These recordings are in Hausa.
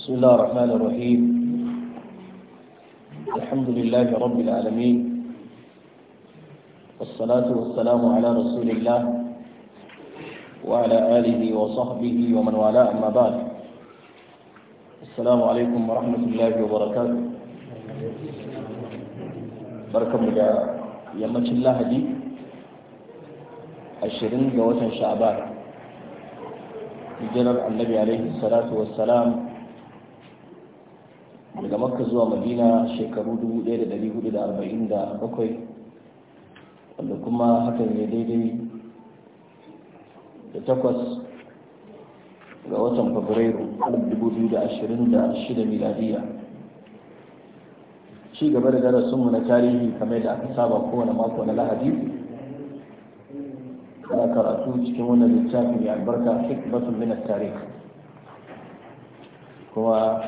بسم الله الرحمن الرحيم الحمد لله رب العالمين والصلاة والسلام على رسول الله وعلى آله وصحبه ومن والاه أما بعد السلام عليكم ورحمة الله وبركاته بركة مدى يمت الله دي عشرين جوة شعبان hijirar النبي عليه الصلاة والسلام daga makka zuwa madina shekaru 1447 wanda kuma hakan ya daidai da takwas ga watan fabrairu 2026 miladiya ci gaba da darasinmu na tarihi kamar da aka saba kowane mako na lahadi ana karatu cikin wannan littafin ya albarka hikmatun minar tarihi kuma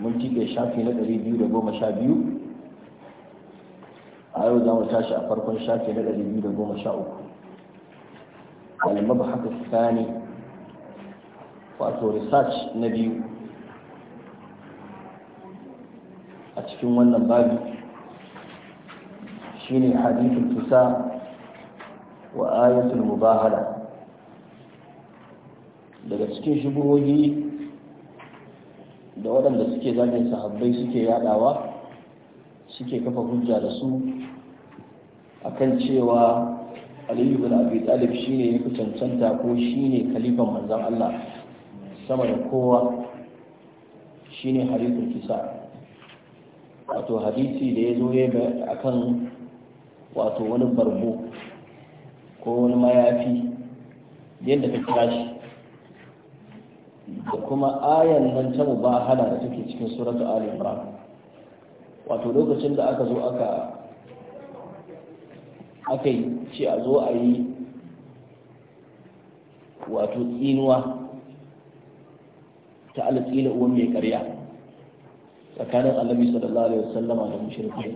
mun cike shafi na 212 a yau za mu tashi a farkon shafi na 213 wani mabahaka tsani wato research na biyu a cikin wannan babi shine hadithul tusa wa ayatul mubahala daga cikin shubuhohi da waɗanda suke zagin sahabbai suke yaɗawa suke kafa hujja da su akan cewa aliyu bin abi talib shine ya fi cancanta ko shine kalifan manzon Allah sama da kowa shine hadisin kisa wato hadisi da ya zo ya akan wato wani barbo ko wani mayafi yadda ka kira shi da kuma ayan nan ta mubahala da take cikin suratu ali imran wato lokacin da aka zo aka aka yi ce a zo a yi wato tsinuwa ta alatsila uwan mai karya tsakanin alabi sallallahu alaihi wasallama da mushrikai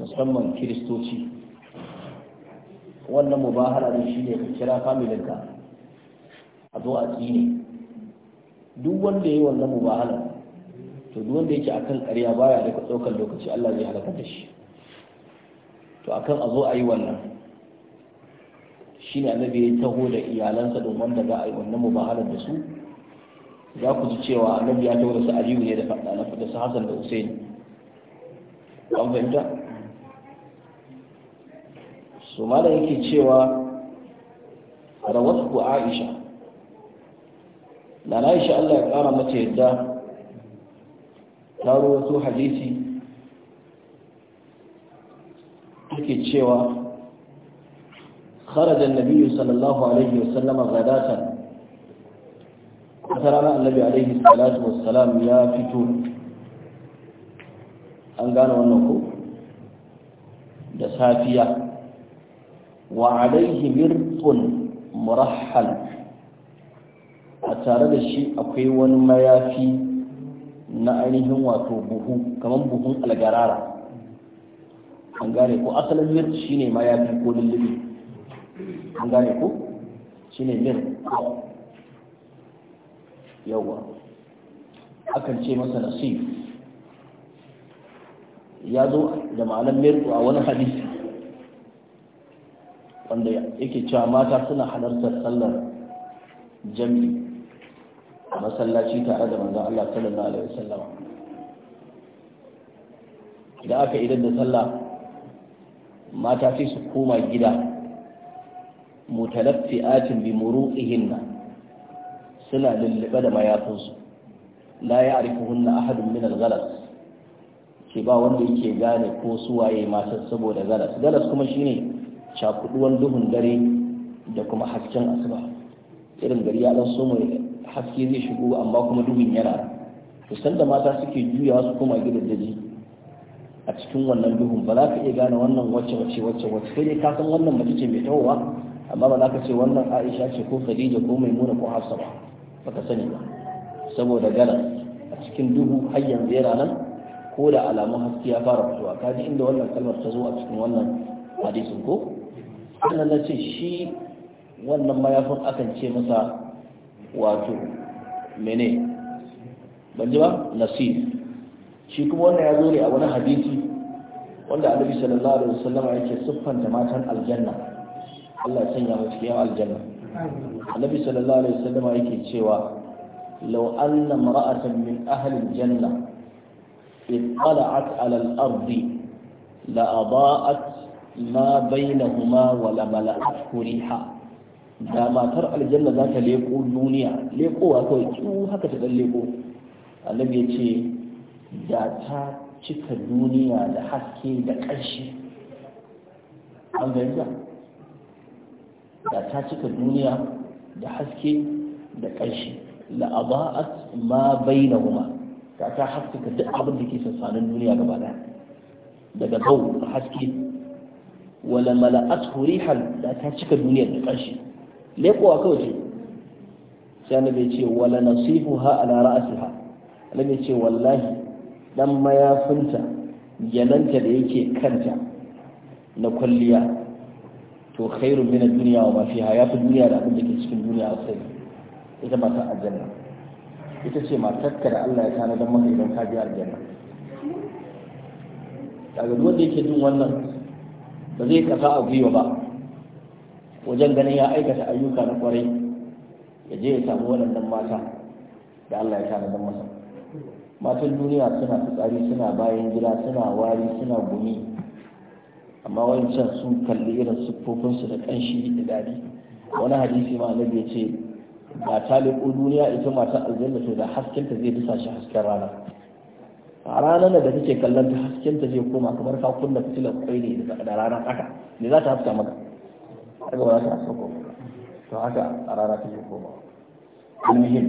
musamman kiristoci wannan mubahala ne shine ka kira familinka a zo a tsine duk wanda ya yi wannan mubahala to duk wanda yake akan ƙarya baya da ɗaukar lokaci Allah zai halaka da shi to akan a zo a yi wannan shine annabi ya taho da iyalansa don wanda za a yi wannan mubahalar da su za ku ji cewa annabi ya taho da su Aliyu ne da faɗa faɗa su Hassan da Usaini an fahimta su ma da yake cewa rawatu aisha da na Allah ya kara mata yadda taro wasu hadisi take cewa kharajan nabi sallallahu alaihi wasallama gadatan wata rana annabi alaihi salatu wassalam ya fito an gane wannan ko da safiya wa alaihi mirqun murahhal a tare da shi akwai wani mayafi na ainihin wato buhu kamar buhun algarara an gane ko asalin mir shine mayafi ko lullubi an gane ko ne mir yawa akan ce masa nasif ya zo da ma'anar mir a wani hadisi wanda yake cewa mata suna halartar sallar jami'i masallaci tare da manzan Allah sallallahu alaihi wasallam idan aka idan da sallah mata sai su koma gida mutalaffi'atin bi muru'ihinna suna lullube da mayafinsu la ya'rifuhunna ahadun min al-ghalas ke ba wanda yake gane ko su waye masu saboda galas galas kuma shine cakuduwan duhun dare da kuma hasken asuba irin gari ya dan so mai haske zai shigo amma kuma duhun yana to da mata suke juyawa su koma daji a cikin wannan duhun ba za ka iya gane wannan wacce wacce wacce wacce sai dai ka san wannan mace ce mai tawowa amma ba za ka ce wannan Aisha ce ko Khadija ko Maimuna ko Hafsa ba ba ka sani ba saboda gara a cikin duhu har yanzu yana nan ko da alamun haske ya fara fitowa ka ji inda wannan kalmar ta zo a cikin wannan hadisin ko sannan na ce shi wannan mayafin akan ce masa wato mene ban ba nasir shi kuma wannan ya zo ne a wani hadisi wanda annabi sallallahu alaihi wasallam yake siffanta matan aljanna Allah ya sanya mu cikin aljanna annabi sallallahu alaihi wasallam yake cewa law anna mar'atan min ahli aljanna اطلعت على الأرض لأضاءت ما بينهما ولملأته ريحا da matar aljanna za ta leko duniya lekowa kawai tsu haka ta dan leko annabi ya ce da ta cika duniya da haske da ƙarshi an gaisa da ta cika duniya da haske da ƙarshi la'aba'at ma baina kuma. ta ta haskaka duk abin da ke sassanin duniya gaba daya daga gau haske wala mala'at hurihal da ta cika duniya da ƙarshi a kawai ce sai annabi ya ce wala nasifuha ala ra'siha annabi ya ce wallahi dan mayafinta yananta da yake kanta na kwalliya to khairun min ad wa mafi fiha ya fi duniya da abin da ke cikin duniya a sai ita aljanna ita ce matarka da Allah ya tana don maka idan ka aljanna daga duk wanda yake jin wannan ba zai kasa a gwiwa ba wajen ganin ya aikata ayyuka na kwarai ya je ya samu waɗannan mata da Allah ya tana masa matan duniya suna fitsari suna bayan gida suna wari suna gumi amma wancan sun kalli irin siffofinsu da ƙanshi da daɗi wani hadisi ma annabi ya ce ta liƙo duniya ita mata aljanna to da haskenta zai dusa shi hasken rana a ranar da kake kallon ta ta zai koma kamar ka kunna fitilar kwai ne da ranar haka ne za ta haska maka daga ba za ta sauko to haka a rana ta ba koma almuhim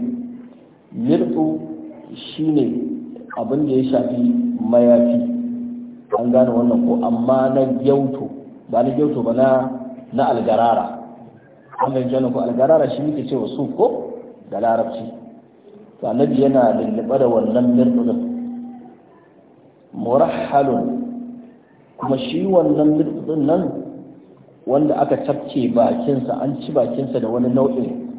shi ne abin da ya shafi mayafi an gane wannan ko amma na gyauto ba na gyauto ba na na algarara an bai jana ko algarara shi muke cewa su ko da larabci to annabi yana lullube da wannan mirtu din murahhalun kuma shi wannan mirtu nan wanda aka tabce bakinsa an ci bakinsa da wani nau'in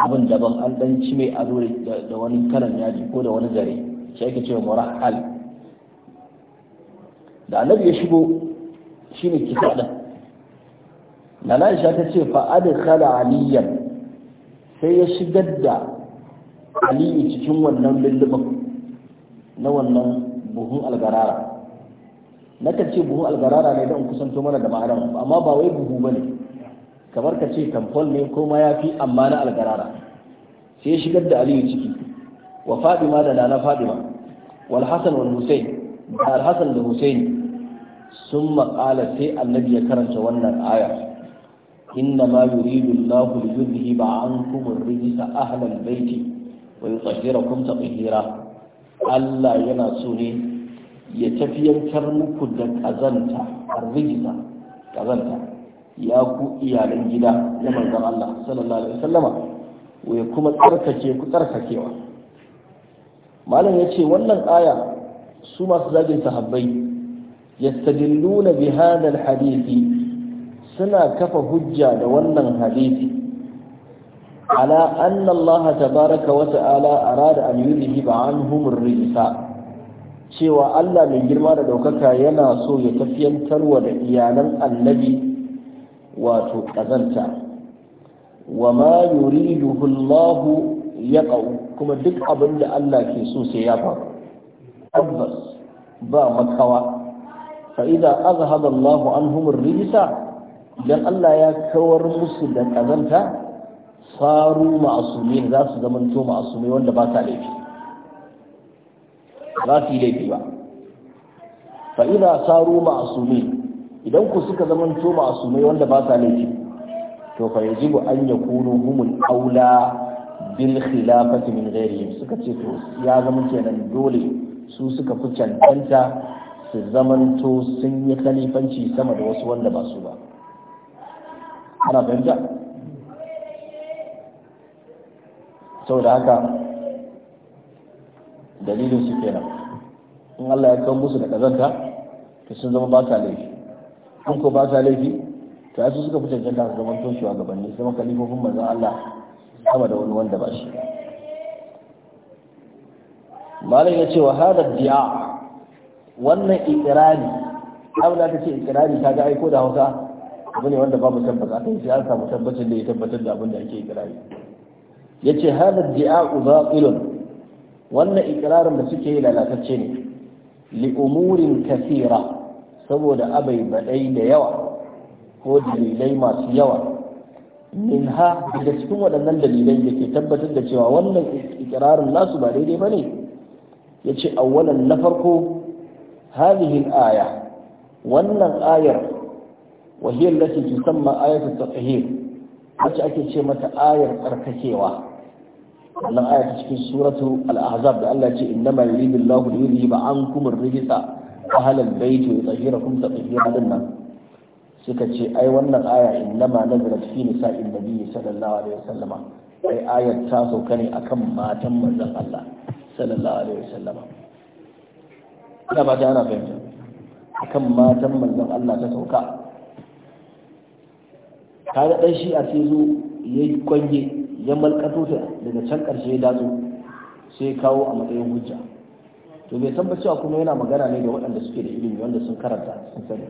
abin daban an dan ci mai ado da wani karan yaji ko da wani zare shi ake cewa murahal da annabi ya shigo shine kisa din nana Aisha ta ce fa adkhala aliyan sai ya shigar da aliyu cikin wannan lullubin na wannan buhun algarara nakan ce buhu algarara ne don kusanto mana da ma'anar amma ba wai buhu ba ne kamar ka ce tamfol ne ko ma ya fi amma na algarara sai shigar da aliyu ciki wa fadima da nana fadima wal hasan wal husain da al hasan da husain sun maƙala sai annabi ya karanta wannan aya inna ma yuridu allahu li yudhhiba ankum ar-rijsa ahla al-bayti wa yutahhirakum tatheera Allah yana so ne ya tafiyantar muku da ƙazanta arrigiza ƙazanta ya ku iyalan gida na manzon Allah sallallahu alaihi wasallama wa ya kuma tsarkake ku tsarkakewa malam ya ce wannan aya su masu zagin sahabbai yastadilluna bi hadal hadisi suna kafa hujja da wannan hadisi ala anna Allah tabaraka wa ta'ala arada an yuzhiba anhum ar-rijsa cewa Allah mai girma da ɗaukaka yana so ya tafiyantarwa da iyalan annabi wato ƙazanta wa ma yuriduhu Allah ya kuma duk abin da Allah ke so sai ya faru tabbas ba makawa fa idza azhaba Allah anhum ar-rijsa dan Allah ya kawar musu da ƙazanta faru ma'asumi za su zamanto ma'asumai wanda ba ta laifi za su yi laifi ba fa ina saru ma'asumi idan ku suka zamanto ma'asumi wanda ba sa laifi to fa yajibu an yakunu humul aula bil khilafati min ghairihim suka ce to ya zama kenan dole su suka fi cancanta su zamanto sun yi khalifanci sama da wasu wanda ba su ba ana fahimta saboda haka dalilin su kenan in Allah ya kawo musu da kazanta to sun zama ba ta laifi in ko ba ta laifi to su suka fi cancanta su zama toshewa a gabanni sai maka lifofin manzon Allah sama da wani wanda ba shi malam ya ce wa hadar biya wannan ikirari abla ta ce ikirari ta ga aiko da hausa abu ne wanda babu tabbata kai sai an samu tabbacin da ya tabbatar da abin da ake ikirari ya yace biya di'a batilun wannan ikirarin da suke yi lalatacce ne li'umurin kasira saboda abai baɗai da yawa ko dalilai masu yawa min ha daga cikin waɗannan dalilai da ke tabbatar da cewa wannan ikirarin nasu ba daidai ba ne ya ce awwalan na farko Halihin aya wannan ayar wahiyar lati tusamma ayatul tatahir wacce ake ce mata ayar tsarkakewa wannan aya ta cikin suratu al-ahzab da Allah ce innama yuridu Allahu li yuzhiba ankum ar-rijsa ahlal bayti wa yutahhirakum tatheera dinnan suka ce ai wannan aya innama nazarat fi nisa'in nabiy sallallahu alaihi wasallama ai ayat ta sauka ne akan matan manzon Allah sallallahu alaihi wasallama ina ba ta ana fahimta akan matan manzon Allah ta sauka kaga dan shi a sai zo yayi kwange ya malkato ta daga can ƙarshe ya dazo sai ya kawo a matsayin hujja to bai san cewa kuma yana magana ne ga waɗanda suke da ilimi wanda sun karanta sun sani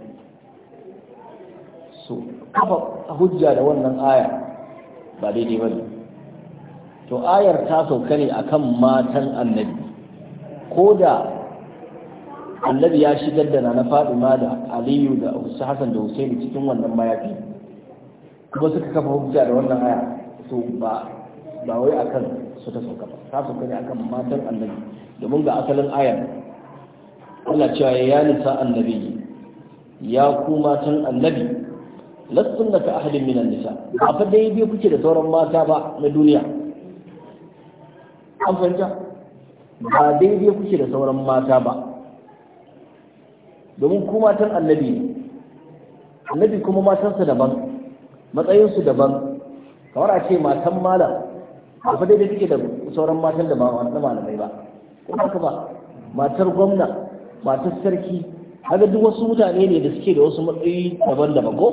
so kafa hujja da wannan aya ba daidai ba ne to ayar ta sauka ne akan matan annabi ko da annabi ya shigar da na fadima da aliyu da hassan da husaini cikin wannan mayafi kuma suka kafa hujja da wannan aya to ba ba wai akan su ta sauka ba ta sauka ne akan matan annabi domin ga asalin ayar Allah cewa ya nisa annabi ya ku matan annabi lassunna ka ahadin minan nisa a fa dai bai kuke da sauran mata ba na duniya an fahimta ba dai bai kuke da sauran mata ba domin ku matan annabi annabi kuma matansa daban matsayinsu daban kamar a ce matan malam abu fa daidai take da sauran matan da ba malamai ba ko haka ba matar gwamna matar sarki haka duk wasu mutane ne da suke da wasu matsayi daban-daban ko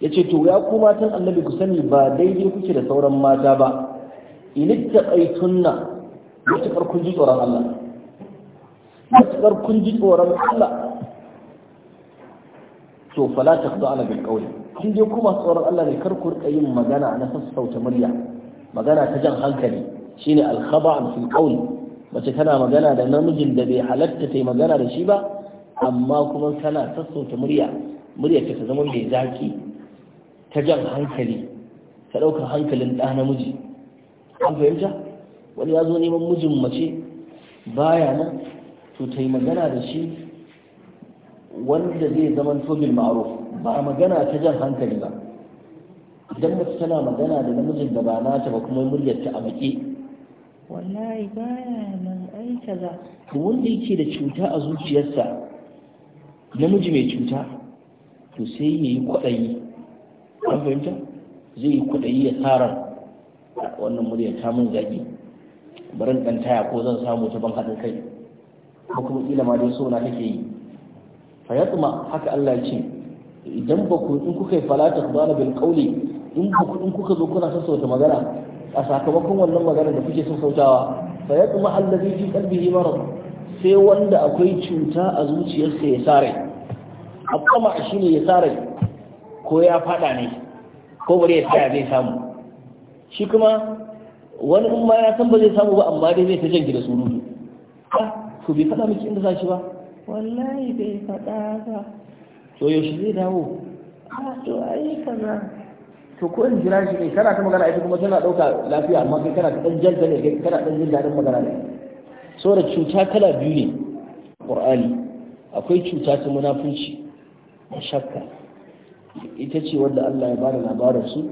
ya ce to ya ku matan annabi ku sani ba daidai kuke da sauran mata ba ilitta aitunna matuƙar kun ji tsoron Allah matuƙar kun ji tsoron Allah to fala ta kudu ana bin ƙauli in dai kuma tsoron Allah ne kar ku rika yin magana na sassauta murya magana ta jan hankali shine al-khaba'an fil qawl mace tana magana da namijin da bai halatta ta magana da shi ba amma kuma tana sassauta murya murya ta zama mai zaki ta jan hankali ta ɗauka hankalin ɗa namiji an fahimta wani ya zo neman mijin mace baya nan to ta yi magana da shi wanda zai zama tobin ma'aruf ba magana ta jan hankali ba idan mace tana magana da namijin da ba nata ba kuma muryarta a baki wallahi baya nan ai za to wanda yake da cuta a zuciyarsa namiji mai cuta to sai ya yi kwaɗayi an fahimta zai yi kwaɗayi ya tsara wannan muryar ta mun zagi barin ɗan taya ko zan samu ta ban haɗin kai ko kuma ƙila ma dai so na take yi fa haka Allah ya ce idan ba ku in kuka yi falata ku zana bil kauli in in kuka zo kuna sassauta magana a sakamakon wannan magana da kuke son sautawa fa kuma allazi fi qalbihi marad sai wanda akwai cuta a zuciyarsa ya sare shi ne ya sare ko ya fada ne ko bare ya tsaya zai samu shi kuma wani umma ma ya san ba zai samu ba amma dai zai ta jan gida surutu ah to bai fada miki inda za shi ba wallahi bai faɗa ba to yaushe zai dawo a to ai kaza to ko in jira shi ne kana ta magana ita kuma tana ɗauka lafiya amma kai kana ta ɗan janta ne kai kana ɗan jin daɗin magana ne saboda cuta kala biyu ne ƙur'ani akwai cuta ta munafunci da shakka ita ce wanda Allah ya bada labarin su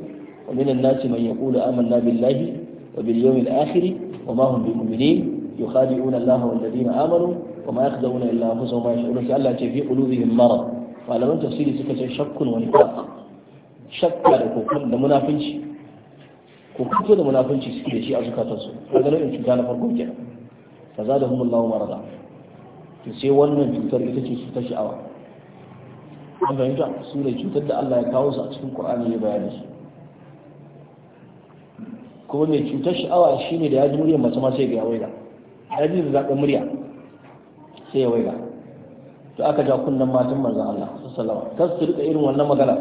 wa minan nasi man yaqulu amanna billahi wa bil yawmil akhir wa ma hum bimu'minin yukhadi'una Allah wal ladina amanu wa ma yakhda'una illa anfusahum wa yash'uruna Allah ya ce fi qulubihim marad malaman tafsiri suka ce shakkun wani nifaq shakka da kokon da munafinci kokonto da munafinci suke da shi a zukatansu ganin in cuta na farko za da zadahum lawon marada Ta sai wannan cutar ita ce cutar sha'awa an fahimta su ne cutar da Allah ya kawo su a cikin Qur'ani ya bayani su kuma mai cutar sha'awa ne da ya ji muryar mace ma sai ga ya waiga ya ji zaɓen murya sai ya waiga to aka ja kunnan matan manzon Allah sallallahu alaihi wasallam kar su rika irin wannan magana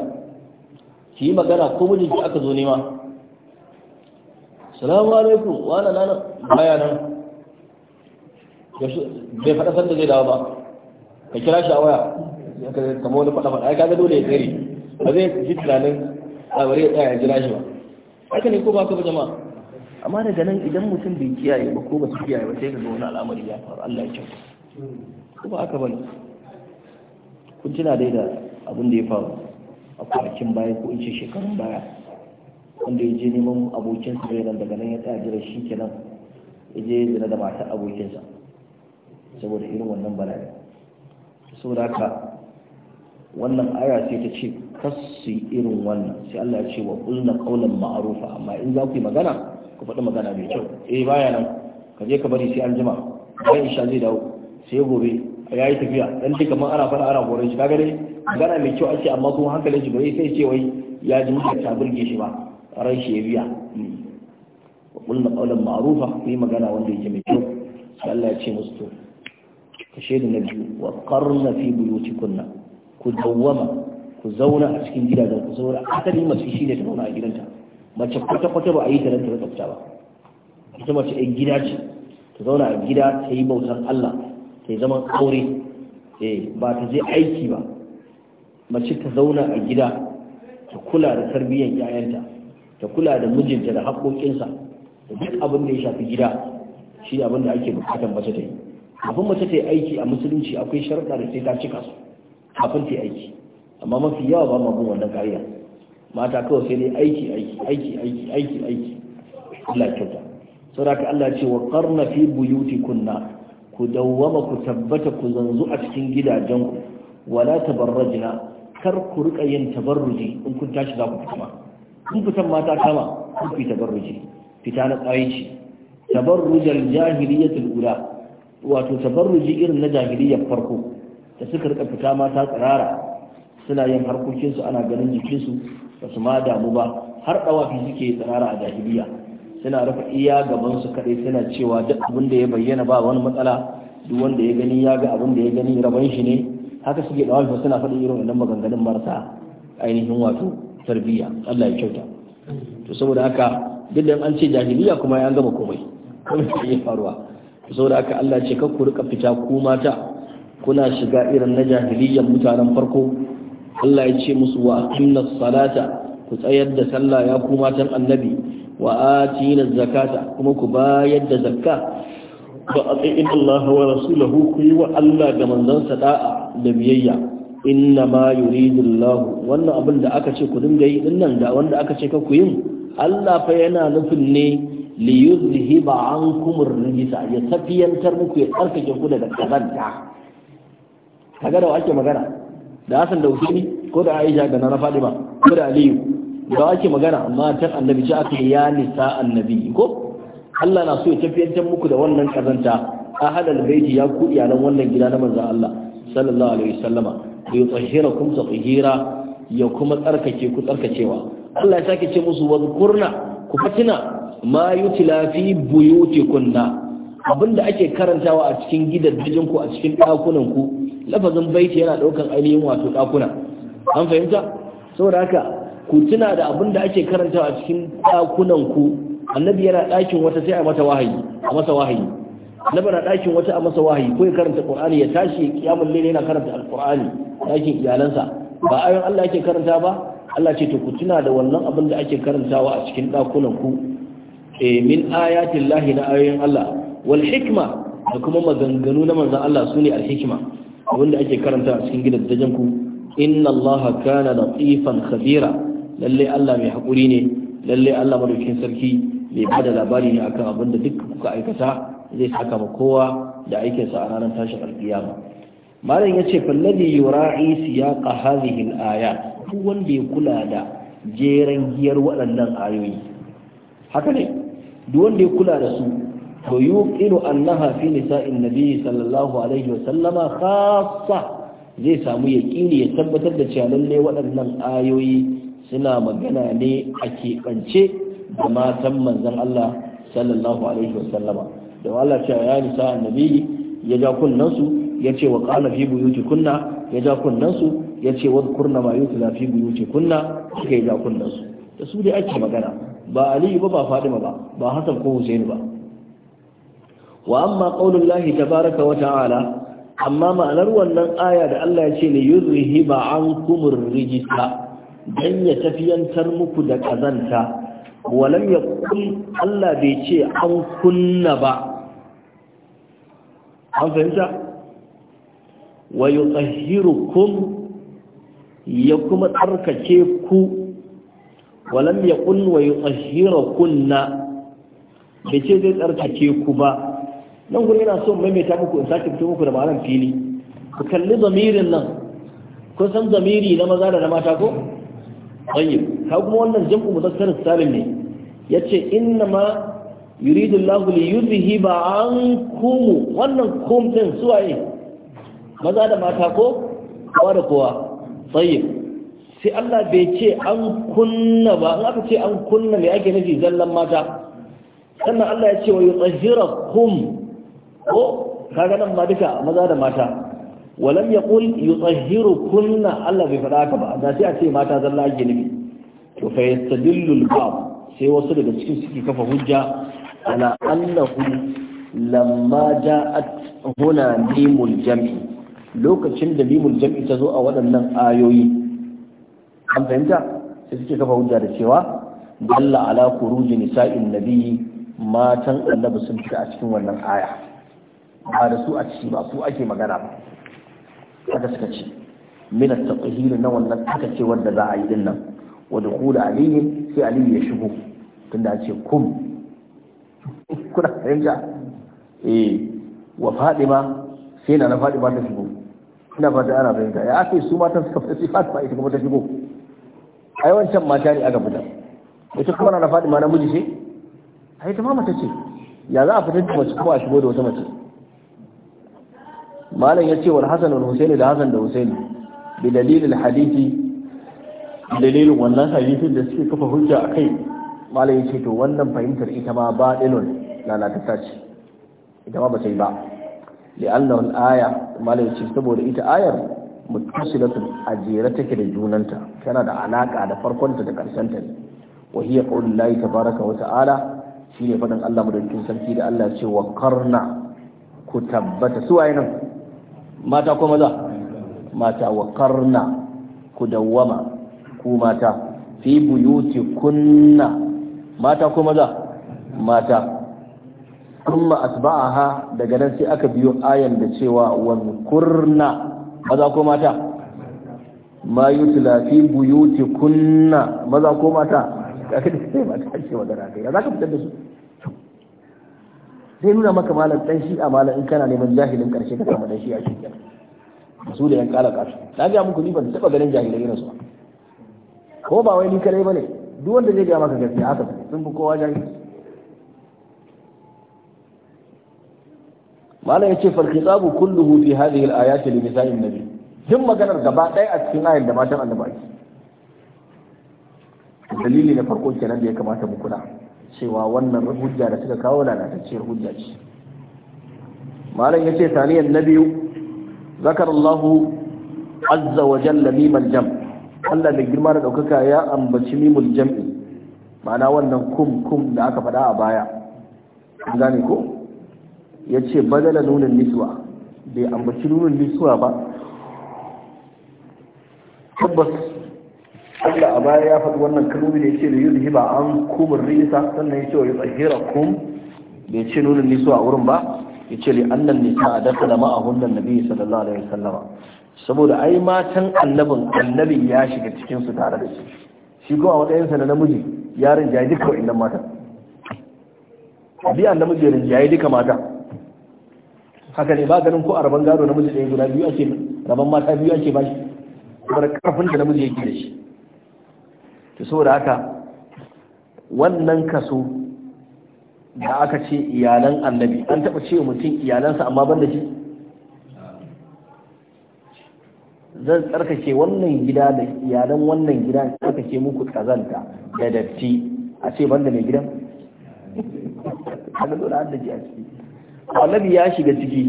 ki yi magana ko ji aka zo nema salamu alaikum wa nan nan baya nan bai faɗa sanda zai dawo ba ka kira shi a waya kamar wani faɗa faɗa ai ga dole ya tsere ba zai ji tunanin a bari ya tsaya ya jira shi ba haka ne ko ba ka ba jama'a amma daga nan idan mutum bai kiyaye ba ko ba su kiyaye ba sai ka ga wani al'amari ya faru Allah ya kyauta ko ba haka bane kun tuna dai da abin da ya faru a baya ko in shekarun baya wanda ya je neman abokin sa nan daga nan ya tsaya jira shi kenan ya je zina da matar sa. saboda irin wannan bala'i saboda haka wannan aya sai ta ce kasu irin wannan sai Allah ya ce wa kullu qaulan ma'rufa amma in za ku yi magana ku faɗi magana mai kyau eh baya nan ka je ka bari sai an jima bayan isha zai dawo sai gobe ya yi tafiya dan dai kamar ana fara ana goron shi kaga dai magana mai kyau ake amma kuma hankalin shi bai sai ce wai ya ji mutum ta burge shi ba ran shi ya biya wa kullu qawlan ma'rufa yi magana wanda yake mai kyau sai Allah ya ce musu to kashe na biyu wa qarna fi buyutikunna ku dawwama ku zauna a cikin gidajen ku saboda asali mace shine ta zauna a gidanta mace kwata kwata ba a yi ta nan ta tsafta ba ita mace ɗan gida ce ta zauna a gida ta yi bautan Allah ta zaman aure eh ba ta je aiki ba mace ta zauna a gida ta kula da tarbiyyar 'ya'yanta ta kula da mijinta da haƙoƙinsa da duk abin da ya shafi gida shi abin da ake bukatan mace ta yi kafin mace ta yi aiki a musulunci akwai sharɗa da sai ta cika su kafin ta yi aiki amma mafi yawa ba ma bin wannan kariya mata kawai sai dai aiki aiki aiki aiki aiki aiki Allah kyauta saboda Allah ce wa qarna fi buyutikunna ku dawwama ku tabbata ku zanzu a cikin gidajenku wala tabarrajna kar ku rika yin tabarruji in kun tashi za ku fita ma kun fitan mata kama kun fi tabarruji fita na kwayici tabarrujal jahiliyatul ula wato tabarruji irin na jahiliyar farko da suka rika fita mata tsirara suna yin harkokinsu ana ganin jikinsu ba su ma damu ba har ɗawafi suke tsirara a jahiliya suna rufe iya gaban su kadai suna cewa duk abin da ya bayyana ba wani matsala duk wanda ya gani ya ga abin da ya gani rabon shi ne haka suke da wani suna faɗi irin wannan maganganun marasa ainihin wato tarbiyya Allah ya kyauta to saboda haka duk da an ce jahiliya kuma ya gama komai kuma ya faruwa to saboda haka Allah ce kar ku rika fita ku mata kuna shiga irin na jahiliyyar mutanen farko Allah ya ce musu wa aqimna salata ku tsayar da sallah ya ku matan annabi wa atina zakata kuma ku bayar da zakka ba a tsayin Allah wa rasulahu ku yi wa Allah da sa da'a da biyayya inna ma yuridullahu wannan abin da aka ce ku dinga yi din nan da wanda aka ce ka ku yin Allah fa yana nufin ne li ba an kumur rijisa ya tafiyantar muku ya tsarkake ku daga kazanta gada da ake magana da hasan da Husaini ko da Aisha da na Nana ba ko da Aliyu da ake magana Amma matan annabi ji aka ya nisa annabi ko Allah na so ya tafiyantar muku da wannan kazanta ahalal baiti ya ku iyalan wannan gida na manzon Allah sallallahu alaihi wasallama ku tsahirakum tsahira ya kuma tsarkake ku tsarkacewa Allah ya sake ce musu zkurna ku fatina ma yutila fi buyutikunna abinda ake karantawa a cikin gidajen ku a cikin dakunan ku lafazin baiti yana daukan ainihin wato dakuna an fahimta saboda haka ku tuna da abin da ake karantawa a cikin ɗakunan ku annabi yana ɗakin wata sai a mata wahayi a masa wahayi annabi na ɗakin wata a masa wahayi ko ya karanta qur'ani ya tashi ya kiyamul layl yana karanta alqur'ani ɗakin iyalansa ba ayon Allah ake karanta ba Allah ce to ku tuna da wannan abin da ake karantawa a cikin ɗakunan ku e, min ayatin lahi na ayoyin Allah wal hikma da kuma maganganu na manzan Allah sune al hikma abin da ake karanta a cikin gidajen ku inna Allah kana latifan khabira lalle Allah mai haƙuri ne lalle Allah madaukin sarki mai bada labari ne akan abin da duk kuka aikata zai saka ma kowa da aikinsa a ranar tashin alƙiyama malam yace fallabi yura'i siyaqa hadhihi al aya duk wanda ya kula da jeran giyar waɗannan ayoyi haka ne duk wanda ya kula da su to yuqilu annaha fi nisa'in nabi sallallahu alaihi wa sallama khassa zai samu yaqini ya tabbatar da cewa lalle waɗannan ayoyi suna magana ne a keɓance da matan Manzan Allah sallallahu alaihi wasallama da Allah ce ya nisa annabi ya ja kunnansu ya ce wa ƙana fi kunna. ya ja kunnansu ya ce kurna ma tuna fi kunna suka ja kunnansu da su dai ake magana ba aliyu ba ba fadima ba ba Hassan ko husaini ba wa amma ta baraka wa ta'ala amma ma'anar wannan aya da Allah ya ce li yuzhiba ankumur rijsa don ya tafiyantar muku da ƙazanta walam ya kun Allah bai ce an kunna ba an fahimta wa yi kun ya kuma tsarkake ku walam ya kun wa yi tsahirukunna bai ce zai tsarkake ku ba nan gudu yana son maimaita muku in sake fito muku da ma'anar fili ku kalli zamirin nan kun san zamiri na maza da na mata ko tayyib ka kuma wannan jam'u muzakkar salim ne yace inna ma yuridu Allahu li yuzhiba ankum wannan kum din suwaye maza da mata ko kowa da kowa tayyib sai Allah bai ce an kunna ba an aka ce an kunna ne ake nufi zallan mata sannan Allah ya ce wa kum ko kaga nan ma duka maza da mata walam ya kul yutahhiru kunna Allah bai faɗa haka ba za sai a ce mata zalla ake nufi to fa yastadillu sai wasu daga cikin suke kafa hujja ala annahu lamma ja'at huna mimul jam'i lokacin da mimul jam'i ta zo a waɗannan ayoyi an fahimta sai suke kafa hujja da cewa dalla ala khuruji nisa'in nabiyyi matan annabi sun fita a cikin wannan aya ba da su a ciki ba su ake magana ba haka suka ce min at-taqhir na wannan haka ce wanda za a yi din nan wa dukhul alayhi sai ali ya shigo tunda a ce kum kuna fahimta eh wa fadima sai na fadima ta shigo ina fata ana fahimta ya ake su mata suka fasi fatima ita kuma ta shigo ai wancan mata ne aka fita ita kuma na fadima miji ce ai ta mama ta ce ya za a fita da mace kuma a shigo da wata mace malam ce wal hasan wal husaini da hasan da husaini bi dalilin hadisi dalilin wannan hadisin da suke kafa hujja kai malam ce to wannan fahimtar ita ma ba dalil lalata ce ita ma ba sai ba li'anna al aya malam ce saboda ita ayar muttasilatun ajira take da junanta tana da alaka da farkonta da karsanta ne wa hiya ta tabaraka wa ta'ala shine fadan Allah madaukakin sarki da Allah ce wa karna ku tabbata su waye nan mata ko maza mata wa karna ku dawwama ku mata fi buyuti kunna mata ko maza mata kuma asba'aha daga nan sai aka biyo ayan da cewa wa kurna maza ko mata ma yutla fi buyuti kunna maza ko mata kaga sai mata ce magana kai za ka fitar da su sai nuna maka malam dan shi a malam in kana neman jahilin karshe ka samu dan shi a cikin su da yan kala kasu na ga muku ni ban taba ganin jahilai irin su ko ba wai ni kadai bane duk wanda zai ga maka gaskiya haka sun fi kowa jahili malam yace fal khitabu kulluhu fi hadhihi al ayati li misalin nabi duk maganar gaba ɗaya a cikin ayin da matan annabi dalili na farko kenan da ya kamata mu kula cewa wannan hujja da suka kawo lalatacciyar hujja ce malam ya ce saniyan na biyu zakar allahu azza wa jalla mimal jam Allah da girma da daukaka ya ambaci mimul jam'i ma'ana wannan kum kum da aka faɗa a baya gane ko Ya yace badala nunin niswa bai ambaci nunin niswa ba tabbas Allah a baya ya faɗi wannan kalmomi da yake da yi ba an kumur risa sannan ce wa kum. da ce nunin nisu a wurin ba Ya ce li annan nisa ma'ahun da nabi sallallahu alaihi wasallama saboda ai matan annabin annabin ya shiga cikin su tare da shi shi kuma wata yin sa na namiji yaron duka duka wa'annan matan bi namiji yaron rinjaye duka mata haka ne ba ganin ko a rabon gado namiji ɗaya guda biyu ake rabon mata biyu ake ba shi saboda karfin da namiji yake da shi to saboda haka wannan kaso da aka ce iyalan annabi an taɓa ce mutum iyalansa amma ban da shi zan tsarkake wannan gida da iyalan wannan gida tsarkake muku kazanta da datti a ce ban da mai gidan a dole an da ji a ciki annabi ya shiga ciki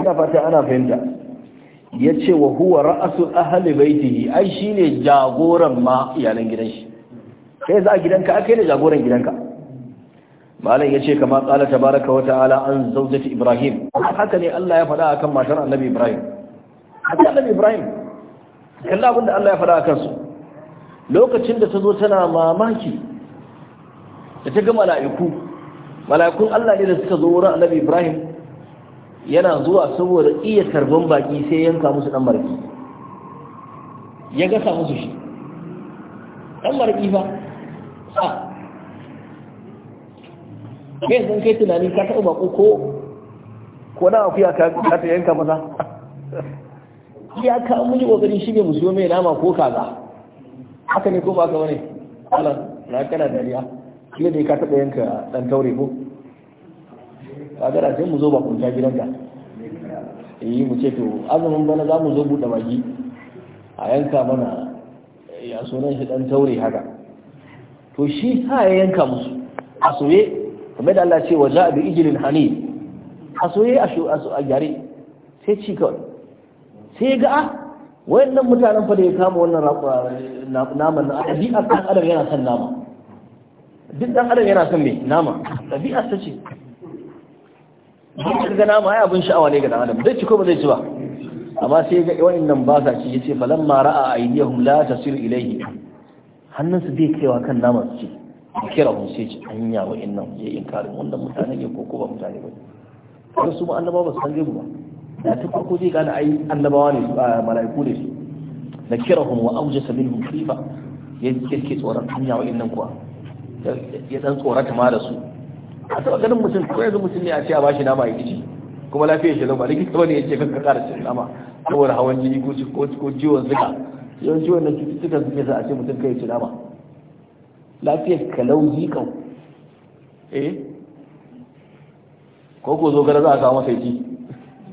ina fata ana fahimta ya ce wa huwa ra'asu ahli baitihi ai shi ne jagoran ma iyalan gidan shi kai za gidanka akai da jagoran gidanka malam ya ce kama qala tabaraka wa ta'ala an zawjati ibrahim haka ne Allah ya faɗa akan matar annabi ibrahim haka annabi ibrahim kalla abin da Allah ya faɗa akan su lokacin da ta zo tana mamaki da ta ga mala'iku mala'ikun Allah ne da suka zo wurin annabi ibrahim yana zuwa saboda iya karban baki sai yanka musu dan marki ya gasa musu shi dan marki fa a kai sun kai tunani ka taɓa baƙo ko ko na akuya ka ta yanka masa ya ka mun yi kokarin shige mu siyo mai nama ko kaza haka ne ko ba ka bane Allah na kana dariya kila ne ka taɓa yanka dan taure ko kaga sai mu zo ba kunta gidanka eh mu ce to azumin bana za mu zo buɗe magi a yanka mana ya eh, sunan shi dan taure haka to shi sa ya yanka musu a soye kamar da Allah ce wa ja'a bi ijlin hani a soye a a gyare sai ci kawai sai ga ah wayannan mutanen fa da ya kama wannan eh, naman na ɗabi'ar ɗan adam yana son nama duk ɗan adam yana son me nama ɗabi'ar ta ce duk ga nama ai abin sha'awa ne ga dan adam zai ci ko ba zai ci ba amma sai ga wa'annan ba sa ci yace falamma ra'a aydihum la tasir ilayhi hannunsu bai kaiwa kan nama su ci kira hun sai ci hanya wa'annan ya inkarin wannan mutane ne ko ko ba mutane ba har su ma annabawa ba su san gaibu ba da tun farko zai gane ai annabawa ne su mala'iku ne su na kira kirahum wa aujasa minhum khifa yake tsoron hanya nan kuwa ya dan tsorata ma da su a taɓa ganin mutum ko yanzu mutum ne a ce a bashi nama ya kici kuma lafiyar shi ba likita bane ya ce kan ka ƙara cin nama saboda hawan jini ko ko ciwon zuga yawanci wannan cututtukan suke sa a ce mutum kai ci nama lafiyar kalau zikau eh ko ko zo gara za a samu masa ci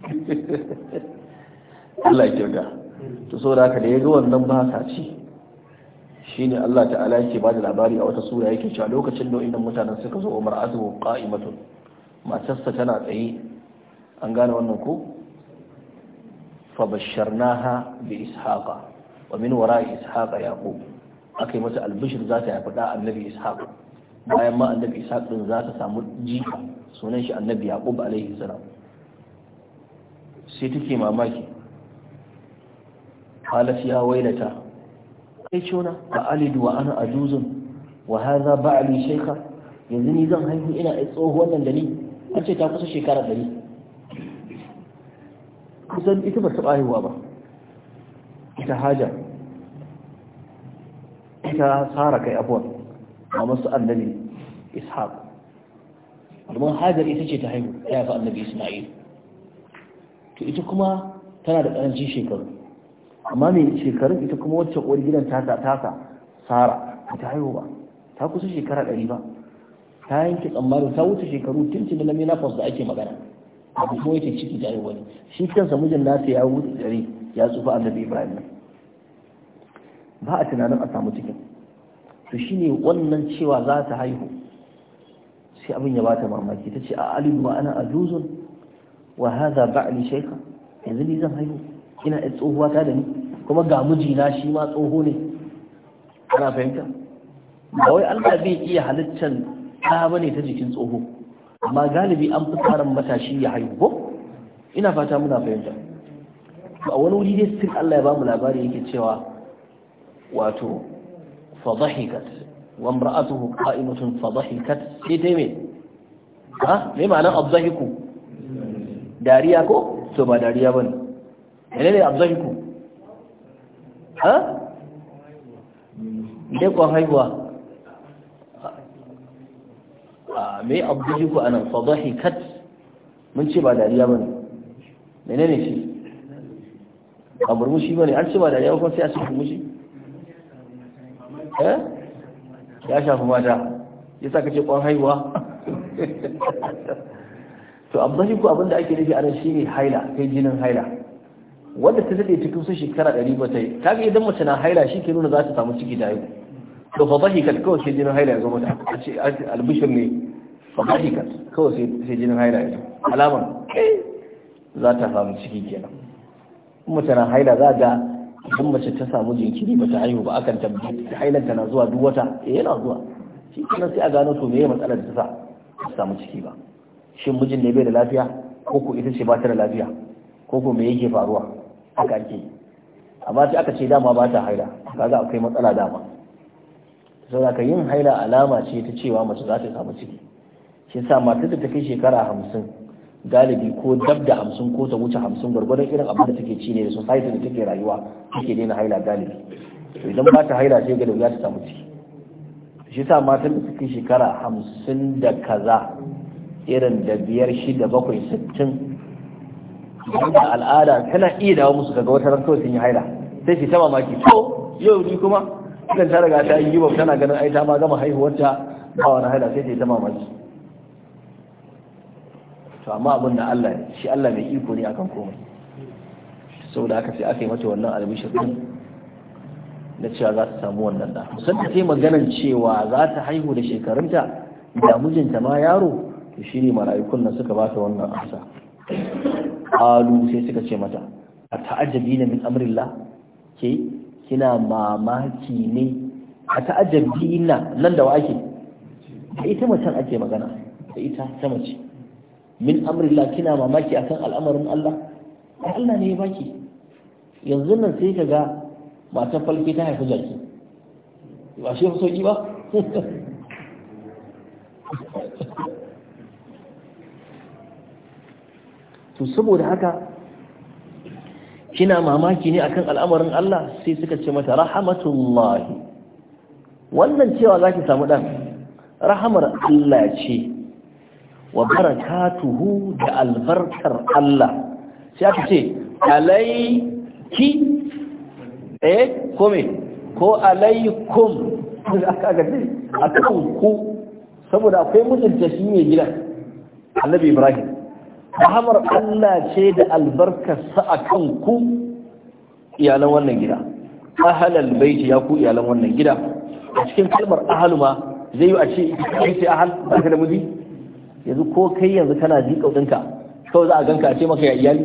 Allah ya kyauta to saboda haka da ya ga wannan ba sa ci shine Allah ta'ala yake bada labari a wata sura yake cewa lokacin da inda mutanen suka zo Umar azu qa'imatun matarsa tana tsaye an gane wannan ko fa basharnaha bi ishaqa wa min wara'i ishaqa yaqub akai mata albishir za ta yafi da annabi ishaq bayan ma annabi ishaq din za ta samu jika sunan shi annabi yaqub alaihi salam sai take mamaki qalat ya ta. kai cona a alidu wa ana ajuzun wa hadha ba'li shaykha yanzu ni zan haihu ina ai tsohuwar nan da ni an ce ta kusa shekara ɗari kusan ita ba taɓa haihuwa ba ita haja ita tsara kai abuwa a masu annabi ishaq domin hajar ita ce ta haihu ya fi annabi isma'il to ita kuma tana da ƙarancin shekaru amma mai shekarun ita kuma wacce uwar gidan tasa ta sara ta haihu ba ta kusa shekara ɗari ba ta yanke tsammanin ta wuce shekaru tun tuni na menopause da ake magana a kuma yake ciki ta haihuwa ne shi kansa mijin nasa ya wuce tsari ya tsufa annabi ibrahim ba a tunanin a samu cikin to shine wannan cewa za ta haihu sai abin ya bata mamaki ta ce a alibu ma ana ajuzun wa hadha ba'li shaykha yanzu ni zan haihu ina a tsohuwa ta da ni kuma ga mijina shi ma tsoho ne ana fahimta ba wai Allah bai iya halittar ta bane ta jikin tsoho amma galibi an fi tsarin matashi ya haihu ko ina fata muna fahimta a wani wuri dai sun Allah ya bamu labari yake cewa wato fa wa mar'atuhu qa'imatun fa dhahikat sai dai me ha me ma'anar abdahiku dariya ko to ba dariya bane menene abdahiku ha? dai kwan haihuwa a mai abdujiku a nan fadahi kat mun ce ba dariya ba ne mene ne shi a murmushi ba ne an ce ba dariya ba kuma sai a ce murmushi eh ya shafi mata ya sa ka ce kwan haihuwa to ku abinda ake nufi a nan shi ne haila kai jinin haila wanda ta daɗe ta su shekara ɗari ba ta yi kaga idan mace na haila shi ke nuna za ta samu ciki da yau to fa hikar kawai sai jinin haila ya zo mata a ce albishir ne fa hikar kawai sai jinin haila ya zo alaman za ta samu ciki kenan mace na haila za ga idan mace ta samu jinkiri ba ta haihu ba akan tabbata hailan ta na zuwa duk wata eh yana zuwa shi kenan sai a gano to meye matsalar da ta sa ta samu ciki ba shin mijin ne bai da lafiya ko ko ita ce ba ta da lafiya ko ko me yake faruwa haka amma sai aka ce dama ba ta haila kaga akwai matsala dama saboda ka yin haila alama ce ta cewa mace za ta samu ciki shi sa mata da ta kai shekara hamsin galibi ko dab da hamsin ko ta wuce hamsin gwargwadon irin abin da take ci ne da society da take rayuwa take daina haila galibi to idan ba ta haila sai ga da wuya ta samu ciki shi sa mata da suke shekara hamsin da kaza irin da biyar shida bakwai sittin da al'ada tana iya dawo musu daga wata ran kawai sun yi haila sai ki ta mamaki ko yau ni kuma kan ta riga ta yi ba tana ganin ai ta ma gama haihuwarta ba wani haila sai ta ta mamaki to amma abin da Allah shi Allah mai iko ne akan komai saboda aka sai aka yi mata wannan albishir din na cewa za ta samu wannan da musamman sai maganar cewa za ta haihu da shekarunta da mijinta ma yaro to shi ne maraikun nan suka ba ta wannan amsa kalu sai suka ce mata na min amrillah ke kina mamaki ne na nan da wa ake da ita macen ake magana da ita ta mace min amrillah kina mamaki akan al'amarin Allah ai Allah ne ya baki yanzu nan sai ka ga matan falke ta haifi jaki ba shi sauki ba to saboda haka kina mamaki ne akan al'amarin Allah sai suka ce mata rahmatullahi wannan cewa zaki samu dan rahamar Allah ce wa barakatuhu da albarkar Allah sai aka ce alaiki eh ko ko alaikum aka ga akan ku saboda akwai mutunta shi ne gida. Annabi Ibrahim rahamar Allah ce da albarkarsa a kan ku iyalan wannan gida ahalal baiti ya ku iyalan wannan gida a cikin kalmar ahalu ma zai yi a ce ya ce ahal ba ka da muzi? yanzu ko kai yanzu kana ji kaudinka kawai za a ganka a ce maka ya iyali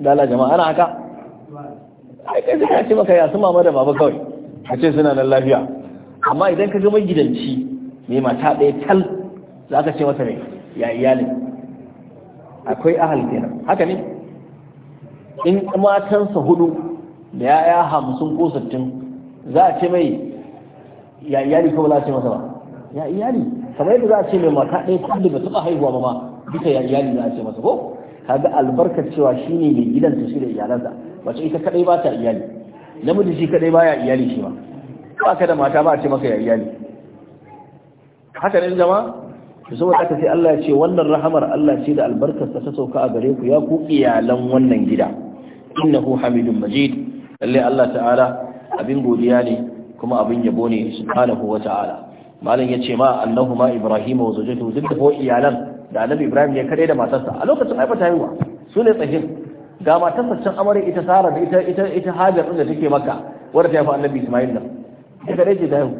dala jama'a ana haka ai kai sai ce maka ya suma mama da baba kawai a ce suna nan lafiya amma idan ka ga gidanci, mai mata ɗaya tal za ka ce mata mai ya iyalin akwai ahal kenan haka ne in matansa hudu da ya hamsin ko sittin za a ce mai ya iyali ko za a ce masa ba ya iyali kamar yadda za a ce mai mata ɗaya ko da ba taɓa haihuwa ba ma bisa ya iyali za a ce masa ko kaga albarkar cewa shine mai gidan shi da iyalansa Wacce ita kadai ba ta iyali namiji shi kadai ya iyali shi ba ba ka da mata ba a ce maka ya iyali haka ne jama'a to saboda haka sai Allah ya ce wannan rahamar Allah ce da albarkarsa ta sauka a gare ku ya ku iyalan wannan gida innahu hamidun majid lalle Allah ta'ala abin godiya ne kuma abin yabo ne subhanahu wa ta'ala malam yace ma annahu ma ibrahima wa zawjatuhu duk ko iyalan da annabi ibrahim ya kare da matarsa a lokacin ai ta haihuwa su ne tsahin ga matarsa can amare ita sara da ita ita ita hajar din da take maka wadda ta yafi annabi isma'il nan ita kare ce ta yiwu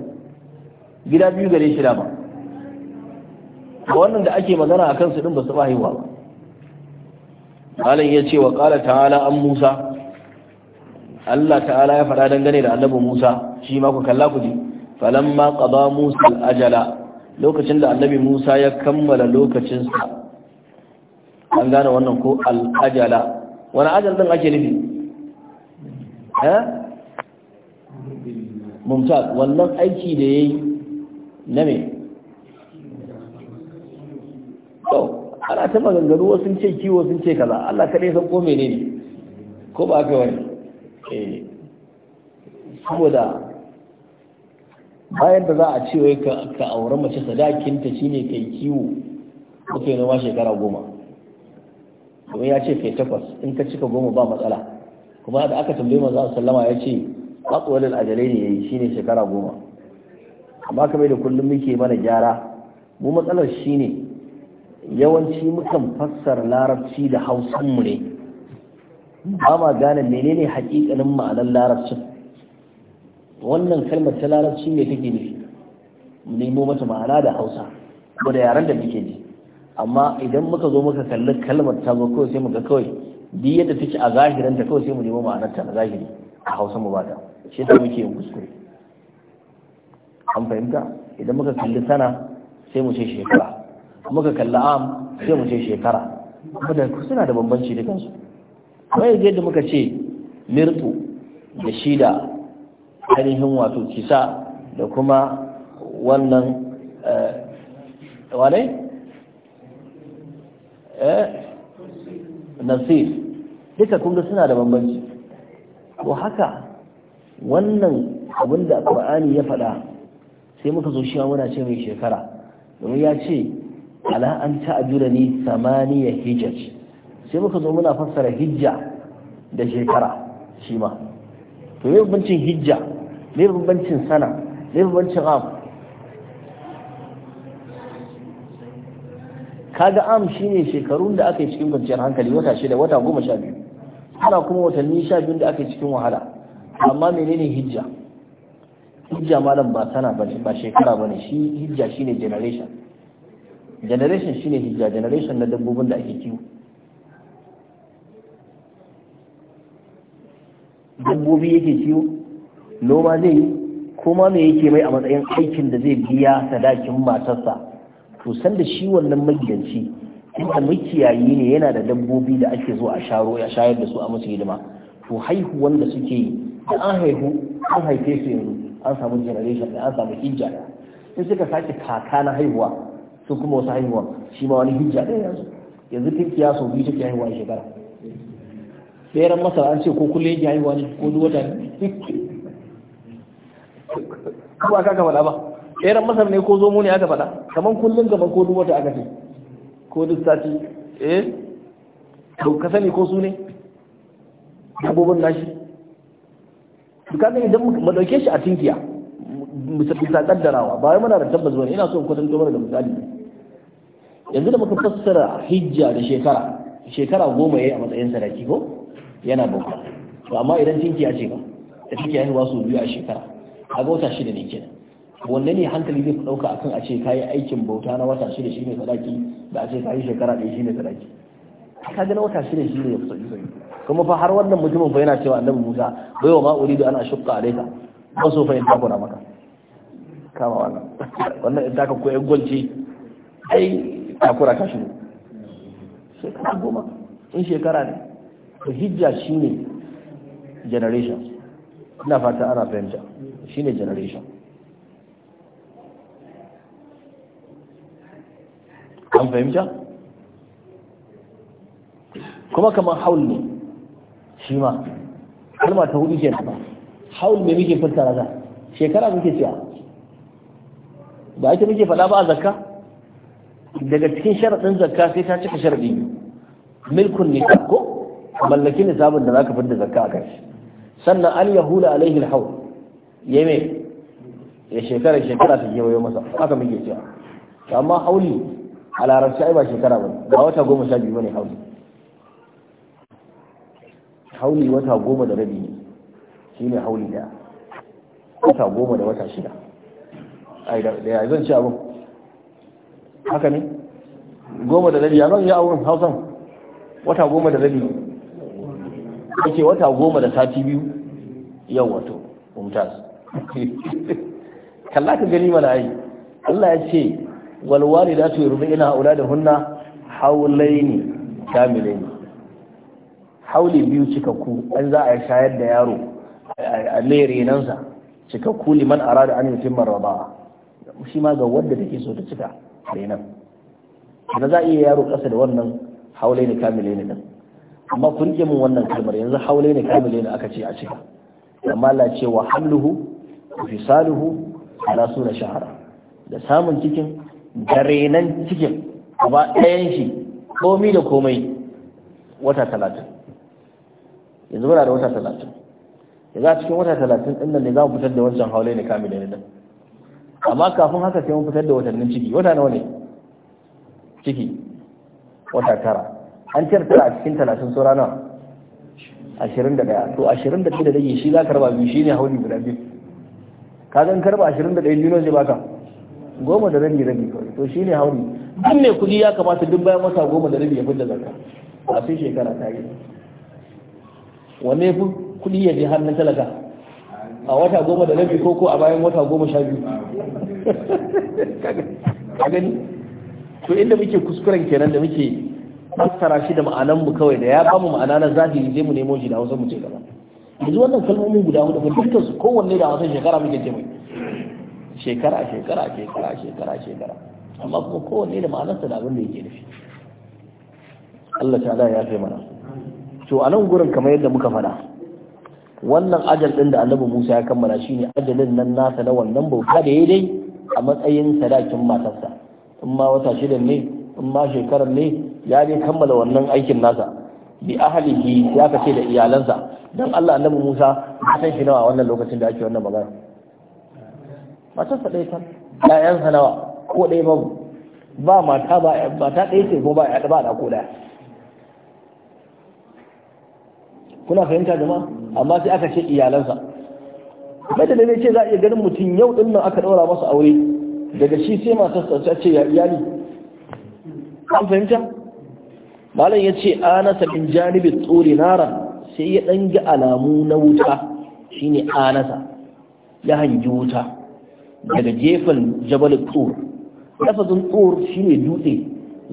gida biyu gare shi da ba wannan da ake magana a kansu din ba su haihuwa ba malam ya ce wa ƙara ta'ala an musa Allah ta'ala ya faɗa dangane da annabi musa shi ma ku kalla ku ji falamma qada musa ajala lokacin da annabi musa ya kammala lokacinsa an gane wannan ko al'ajala wani ajal din ake nufi eh mumtaz wannan aiki da yayi na me to ana ta maganganu wasu sun ce kiwo sun ce kaza Allah kaɗai san ko menene ko ba ka wani eh saboda bayan da za a ce wai ka aure mace sadakinta shine kai kiwo ko kai noma shekara goma kuma ya ce kai takwas in ka cika goma ba matsala kuma da aka tambaye manzo sallama ya ce aqwalul ajali ne yayi shine shekara goma amma kamar da kullum muke mana gyara mu matsalar shine yawanci mukan fassara larabci da hausanmu ne ba ma gane menene haƙiƙanin ma'anar larabcin wannan kalmar ta larabci ne take ne nemo mata ma'ana da hausa ko da yaren da muke ji amma idan muka zo muka kalli kalmar ta zo kawai sai muka kawai duk yadda take a zahirin ta kawai sai mu nemo ma'anar ta na zahiri a hausa mu ba ta shi ta muke yin kuskure an fahimta idan muka kalli sana sai mu ce shekara muka kalli am sai mu ce shekara kuma da suna da bambanci da kansu kuma yanzu yadda muka ce mirtu da shida ainihin wato kisa da kuma wannan eh, wane? Eh, nasir duka kuma suna da bambanci ko haka wannan abinda ƙwa'ani ya faɗa sai muka zo shiwa muna ce mai shekara domin ya ce ala an ta'ajura ni samaniya hijjar sai muka zo muna fassara hijja da shekara shi ma to me bambancin hijja me bambancin sana me bambancin am kaga am shine shekarun da aka yi cikin kwanciyar hankali wata shida wata goma sha biyu ana kuma watanni sha biyu da aka yi cikin wahala amma menene hijja hijja malam ba sana bane ba shekara bane shi hijja shine generation generation shine hijja generation na dabbobin da ake kiwo dabbobi yake kiwo noma zai yi kuma me yake mai a matsayin aikin da zai biya sadakin matarsa to san da shi wannan magidanci inda makiyayi ne yana da dabbobi da ake zuwa a sharo ya shayar da su a musu hidima to haihuwan da suke yi da an haihu an haife su yanzu an samu generation da an samu hijja in suka sake kaka na haihuwa su kuma wasu haihuwa shi ma wani hijja ɗaya yanzu yanzu kiya sau biyu take haihuwa a shekara tseren masara an ce ko kullum yake haihuwa ne ko duk wata ne Kuma aka ka faɗa ba tseren masar ne ko zomo ne aka faɗa kamar kullum gaba ko duk wata aka ce ko duk sati eh to ka sani ko su ne abubuwan nashi duka ne idan mu dauke shi a tinkiya mu sa kaddarawa ba muna da tabbas bane ina so in kwatanto mana da misali yanzu da muka fassara hijja da shekara shekara goma ya yi a matsayin sadaki ko yana bauta to amma idan tinki ya ce ba da ya haihuwa su biyu a shekara a ga wata shida ne kenan wanne ne hankali zai dauka akan a ce kayi aikin bauta na wata shida shine sadaki da a ce kayi shekara ɗaya shine sadaki ka ga na wata shida shine ya fi sauki kuma fa har wannan mutumin fa yana cewa annabi Musa bai wa ma'uri da ana shukka alaika ba so fa in takura maka kama wannan wannan in taka ko yan gwalci ai takura ta ne. shekara goma in shekara ne ta hijja shi ne generation ina fata ana fahimta ne generation an fahimta kuma kamar haul ne shi ma kalmar ta hudu kenan ba haul mai muke furta raza shekara muke cewa ba ake muke faɗa ba a zakka daga cikin sharaɗin zakka sai ta cika sharaɗi milkun nisa ko mallaki sabon da zaka fidda zakka a kai sannan an yahula alaihi alhawl yeme ya shekara shekara ta kewayo masa haka muke cewa amma hauli a larabci ai ba shekara ba ba wata goma sha biyu bane hauli hauli wata goma da rabi ne shine hauli da wata goma da wata shida ai da zan ci abin haka ne goma da rabi ya zan yi hausan wata goma da rabi ake wata goma da sati biyu yau wato umtaz kalla ka gani mana ai Allah ya ce wal walidatu yurdina ne haulaini kamilaini hauli biyu cikakku an za a shayar da yaro a mai renansa cikakku liman arada an yutimma raba shi ma ga wadda take so ta cika kenan da za a iya yaro ƙasa da wannan haulai ne kamile ne amma kun mun wannan kalmar yanzu haulai ne kamile ne aka ce a ce amma Allah ce wa halluhu fi saluhu ala sura shahara da samun cikin garenan cikin gaba ɗayan shi komi da komai wata talatin yanzu muna da wata talatin yanzu a cikin wata talatin ɗin nan ne za mu fitar da wancan haulai ne kamile ne amma kafin haka sai mun fitar da watannin ciki wata nawa ne ciki wata tara an ciyar tara a cikin talatin saura nawa ashirin da ɗaya to ashirin da da rage shi za ka raba biyu shi ne hauli guda biyu ka zan karba ashirin da ɗaya biyu zai baka goma da rabi rabi kawai to shi ne hauli duk mai kuɗi ya kamata duk bayan wata goma da rabi ya fi da zarka a fi shekara ta yi wanne ya fi kuɗi ya je hannun talaka a wata goma da rabi ko ko a bayan wata goma sha biyu ka gani to inda muke kuskuren kenan da muke fassara shi da ma'anan mu kawai da ya bamu ma'ana na zahiri zai mu nemo shi da Hausa mu ce gaba yanzu wannan kalmomin guda hudu ba dukkan su kowanne da wasan shekara muke ce mai shekara shekara shekara shekara shekara amma kuma kowanne da ma'anarsa da abin da yake nufi Allah ta ya kai mana to a nan gurin kamar yadda muka faɗa wannan ajal din da annabi Musa ya kammala shine ajalin nan nasa na wannan bauta da yayi dai a matsayin sadakin matarsa in ma wata da ne in ma shekarar ne ya dai kammala wannan aikin nasa bi ahlihi ya kace da iyalansa dan Allah annabi Musa ya san shi nawa wannan lokacin da ake wannan magana matarsa ɗaya ta ƴaƴansa nawa ko ɗaya babu ba mata ba mata ɗaya ce ko ba ya ba da ko ɗaya kuna fahimta jama'a amma sai aka ce iyalansa mai da ne ce za a iya ganin mutum yau din nan aka ɗaura masa aure daga shi sai masu ta ce ya iyali an fahimta malam ya ce anasa bin janibin tsori nara sai ya ɗan ga alamu na wuta shine anasa ya hangi wuta daga gefen jabal tsor lafazin tsor shine dutse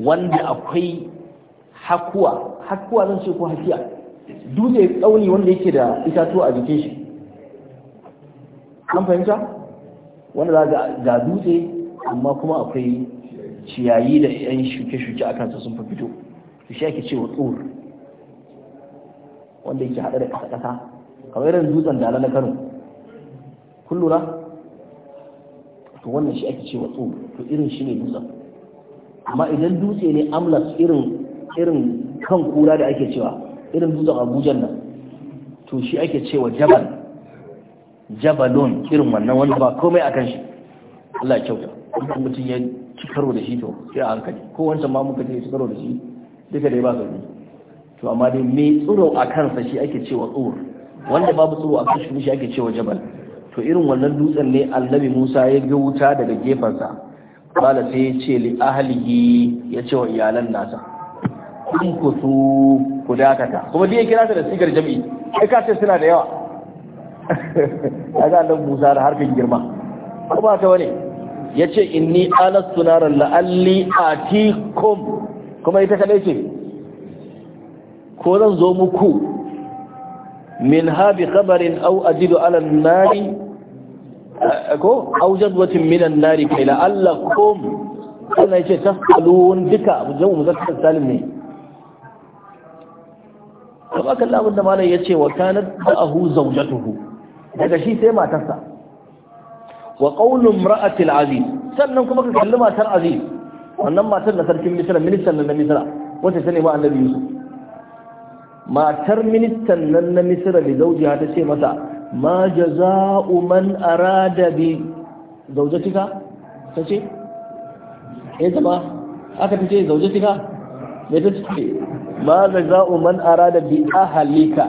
wanda akwai hakuwa hakuwa zan ce ko hakiya dutse tsauni wanda yake da itatuwa a jikin shi an fahimta wanda za ga dutse amma kuma akwai ciyayi da yan shuke-shuke a kansa sun fito to shi ake cewa tsohon wanda yake haɗa da ƙasa-ƙasa kamar irin dutsen dala na kano kun lura to wannan shi ake cewa tsohon to irin shi ne dutsen amma idan dutse ne amlas irin irin kan kura da ake cewa irin dutsen abuja nan to shi ake cewa jabal jabalon irin wannan wani ba komai a kan shi Allah ya kyauta idan mutum ya ci karo da shi to sai a hankali ko wancan ma muka ce ci karo da shi duka dai ba ne to amma dai me tsoro a kansa shi ake cewa tsur wanda babu tsoro a kan shi ake cewa jabal to irin wannan dutsen ne annabi Musa ya ga wuta daga gefensa kala sai ya ce li ahlihi ya ce wa iyalan nasa kun kusu ku dakata kuma dai kira ta da sigar jami'i ai ka ce suna da yawa kaga nan Musa da harfin girma kuma ta wani yace inni alastu naran la'alli atikum kuma ita kadai ce ko zan zo muku min habi khabarin aw ajidu ala nari ko aw jadwatin minan nari kai la'allakum Allah yace tasalun duka mu zamu muzakkar salim ne amma kallon abin da malam ya ce wa kanat ma'ahu zawjatuhu daga shi sai matarsa wa qawlu imra'atil aziz sannan kuma ka kalli matar aziz wannan matar na sarkin misra ministan nan na misra wacce ta ma annabi yusuf matar ministan nan na misra da zaujiya ta ce masa ma jaza'u man arada bi zaujatika ta ce eh zama aka ta ce zaujatika me ta ce ma za za'u man da bi ahalika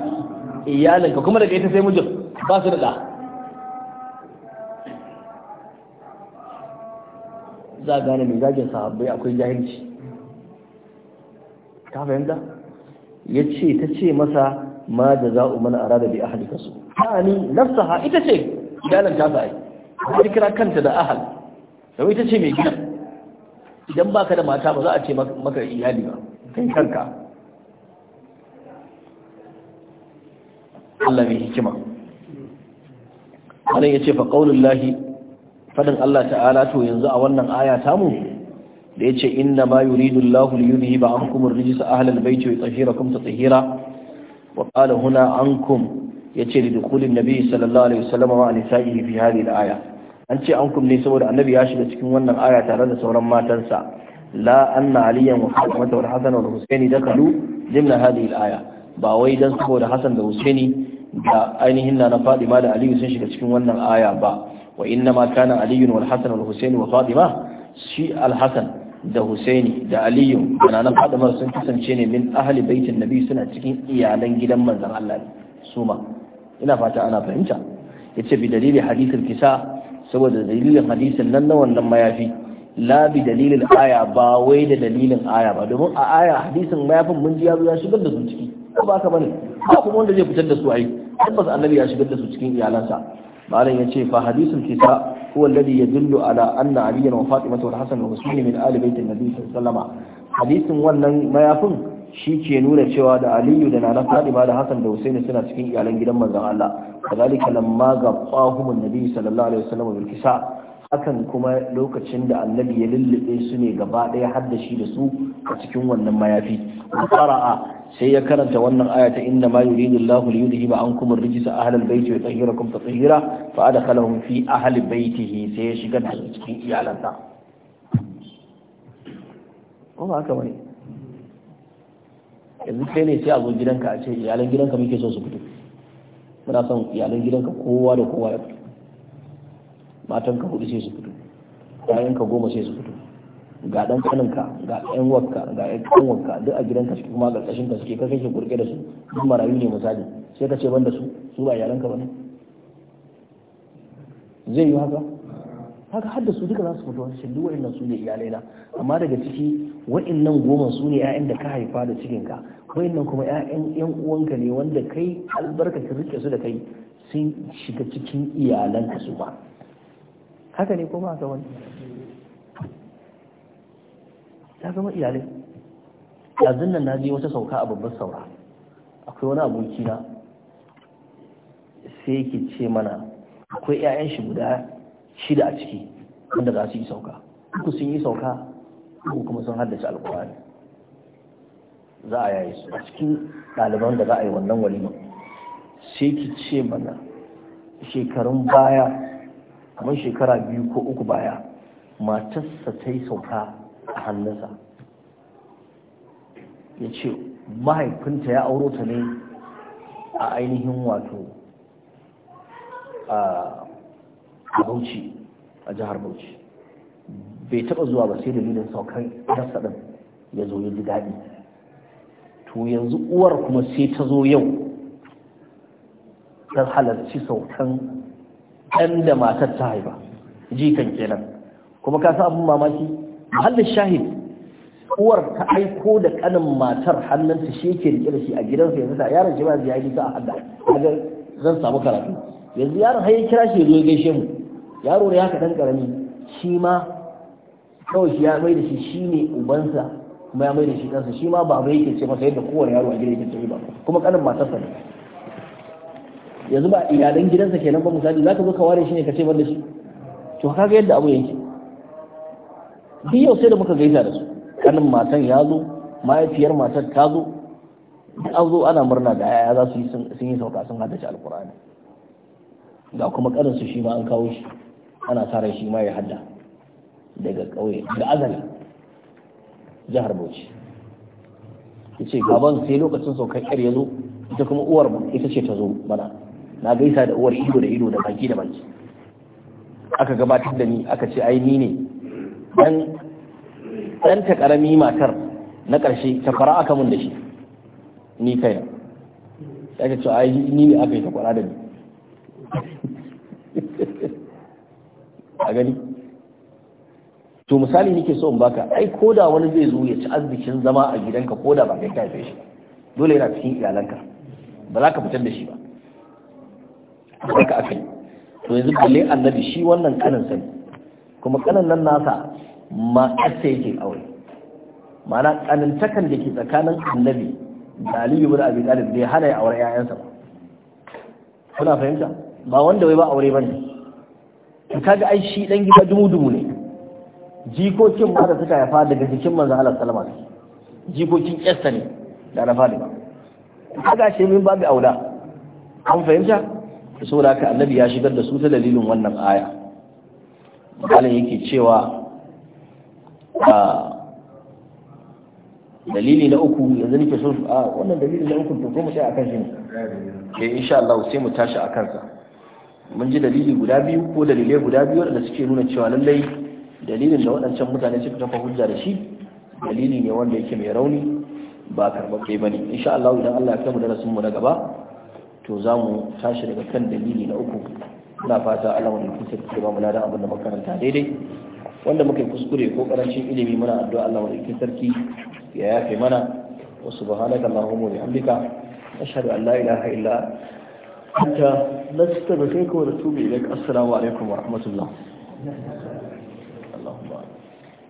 iyalinka kuma daga ita sai mijin ba su da za a gane mai zagin sahabbai akwai jahilci ta fahimta ya ce ta ce masa ma da za'u man da bi halika su nafsa nafsaha ita ce iyalan ta sa'i ta kira kanta da ahal domin ita ce mai gina. idan baka da mata ba za a ce maka iyali ba kai kanka Allah mai hikima wannan yace fa qaulullahi fadin Allah ta'ala to yanzu a wannan aya mu. da yace inna ma yuridu Allahu li yudhiba ankum ar-rijsa ahla al-bayt wa yutahhirakum tatheera wa qala huna ankum yace li dukhulin nabiy sallallahu alaihi wasallam wa nisa'ihi fi hadhihi al-aya an ce an kumne saboda annabi ya shiga cikin wannan aya tare da sauran matansa la anna aliyan wa fatimata wa hasan wa husaini dakalu dimna hadhihi aya ba wai dan saboda hasan da husaini da ainihin na fatima da aliyu sun shiga cikin wannan aya ba wa inna ma kana aliyun wal hasan husaini wa fadima shi al-hasan da husaini da aliyu da nan fatima sun kasance ne min ahli baitin nabi suna cikin iyalan gidan manzon Allah suma ina fata ana fahimta yace bi dalili hadithul kisa saboda dalilin hadisin nan na wannan mayafi labi dalilin aya ba wai da dalilin aya ba domin a aya hadisin mayafin mun ji ya ya shigar da su ciki ko ba ka bane ba kuma wanda zai fitar da su ai tabbas annabi ya shigar da su cikin iyalansa malam ya ce fa hadisin kisa huwa alladhi yadullu ala anna aliyan wa fatima wal hasan wa husayn min ali bait an-nabi sallallahu hadisin wannan mayafin shi ke nuna cewa da aliyu da nana fatima da hasan da husaini suna cikin iyalan gidan manzon Allah kazalika lamma ga qahumun nabi sallallahu alaihi wasallam bil kisa hakan kuma lokacin da annabi ya lullube su ne gaba daya har da da su a cikin wannan mayafi qara'a sai ya karanta wannan aya ta inna ma yuridu Allahu li yudhiba ankum ar-rijsa ahlal bayti wa yutahhirakum tatheera fa adkhalahum fi ahli baytihi sai ya shiga da cikin iyalansa ko haka yanzu kai ne sai a zo gidanka a ce iyalan gidanka muke so su fito muna son iyalan gidanka kowa da kowa ya fito matan ka hudu sai su fito bayan ka goma sai su fito ga dan ka ga yan wakka ga yan wakka duk a gidanka suke kuma ga kashin ka suke ka kake kurke da su duk marayu ne misali sai ka ce ban da su su ba iyalan ba ne zai yi haka haka har da su duka za su fito shi duk wa'annan su ne iyalai na amma daga ciki nan goma su ne 'ya'yan da ka haifa da cikin ka nan kuma 'ya'yan yan uwanka ne wanda kai albarkacin rike su da kai sun shiga cikin iyalan ka su ba haka ne ko ba ka wani ta zama iyalai Yanzun nan na je wata sauka a babbar saura akwai wani abokina sai ke ce mana akwai 'ya'yan shi guda shida a ciki wanda za su yi sauka uku sun yi sauka uku kuma sun haddace alkurani za a yayi su a cikin ɗaliban da za a yi wannan walima sai ki ce mana shekarun baya kamar shekara biyu ko uku baya matarsa ta yi sauka a hannunsa ya ce mahaifinta ya auro ta ne a ainihin wato a a bauchi a jihar bauchi bai taba zuwa ba sai dalilin saukan rasa ɗin ya zo ya ji daɗi to yanzu uwar kuma sai ta zo yau ta halarci saukan ɗan da matar ta haifa jikan kenan kuma ka abin mamaki mahallin shahid uwar ta aiko da kanin matar hannunta shi yake rike da shi a gidansa yanzu ta yaron shi ba zai yi ta a hada zan samu karatu yanzu yaron har ya kira shi ya zo ya gaishe mu yaro ya ka dan karami shi ma kawai shi ya mai da shi shi ne ubansa kuma ya mai da shi kansa shi ma mai yake ce masa yadda kowane yaro a gida yake ce ba kuma kanin matarsa ne yanzu ba iyalan gidansa kenan ba misali zaka zo ka ware shi ne ka ce ban da shi to kaga yadda abu yake duk yau sai da muka gaisa da su kanin matan ya zo mahaifiyar matar ta zo an zo ana murna da yaya za su yi sun yi sauka sun haddace alkur'ani ga kuma karin su shi ma an kawo shi ana sa ran shi ma ya hadda daga ƙauye da azali jihar bauchi ya ce gaban sai lokacin saukar yar ya zo ita kuma uwar ita ce ta zo mana na gaisa da uwar ido da ido da baki da baki aka gabatar da ni aka ce ai ni ne dan dan ta karami matar na ƙarshe ta fara aka mun da shi ni kaina sai ka ce ai ni ne aka yi ta kwara da ni a gani to misali nake so in baka ai koda wani zai zo ya ci arzikin zama a gidanka koda ba kai kafe shi dole yana cikin iyalanka ba za ka fitar da shi ba haka aka yi to yanzu balle annabi shi wannan kanin sani kuma kanin nan nasa ma ƙasa yake aure ma'ana kanintakan da ke tsakanin annabi da aliyu bin abi talib bai hana ya aure 'ya'yansa ba kuna fahimta ba wanda wai ba aure bane to kaga ai shi dan gida dumu dumu ne jikokin ma da suka haifa daga jikin manzo Allah sallama ne jikokin kyasta ne da na fadima kaga shi min babu aula an fahimta saboda haka annabi ya shigar da su ta dalilin wannan aya malam yake cewa dalili na uku yanzu nake so a wannan dalili na uku to ko mu tsaya akan shi ne eh insha Allah sai mu tashi akan sa mun ji dalili guda biyu ko dalilai guda biyu da suke nuna cewa lallai dalilin da waɗancan mutane suka tafa hujja da shi dalili ne wanda yake mai rauni ba karɓaɓɓe ba ne insha Allah idan Allah ya mu darasin mu na gaba to za mu tashi daga kan dalili na uku ina fata Allah wani kusa ke ba mu ladan abin da makaranta daidai wanda muka kuskure ko karancin ilimi muna addu'a Allah wani sarki ya yafe mana wa subhanaka allahumma wa bihamdika ashhadu an la ilaha illa حتى نستمر فيكم ونتوب إليك السلام عليكم ورحمة الله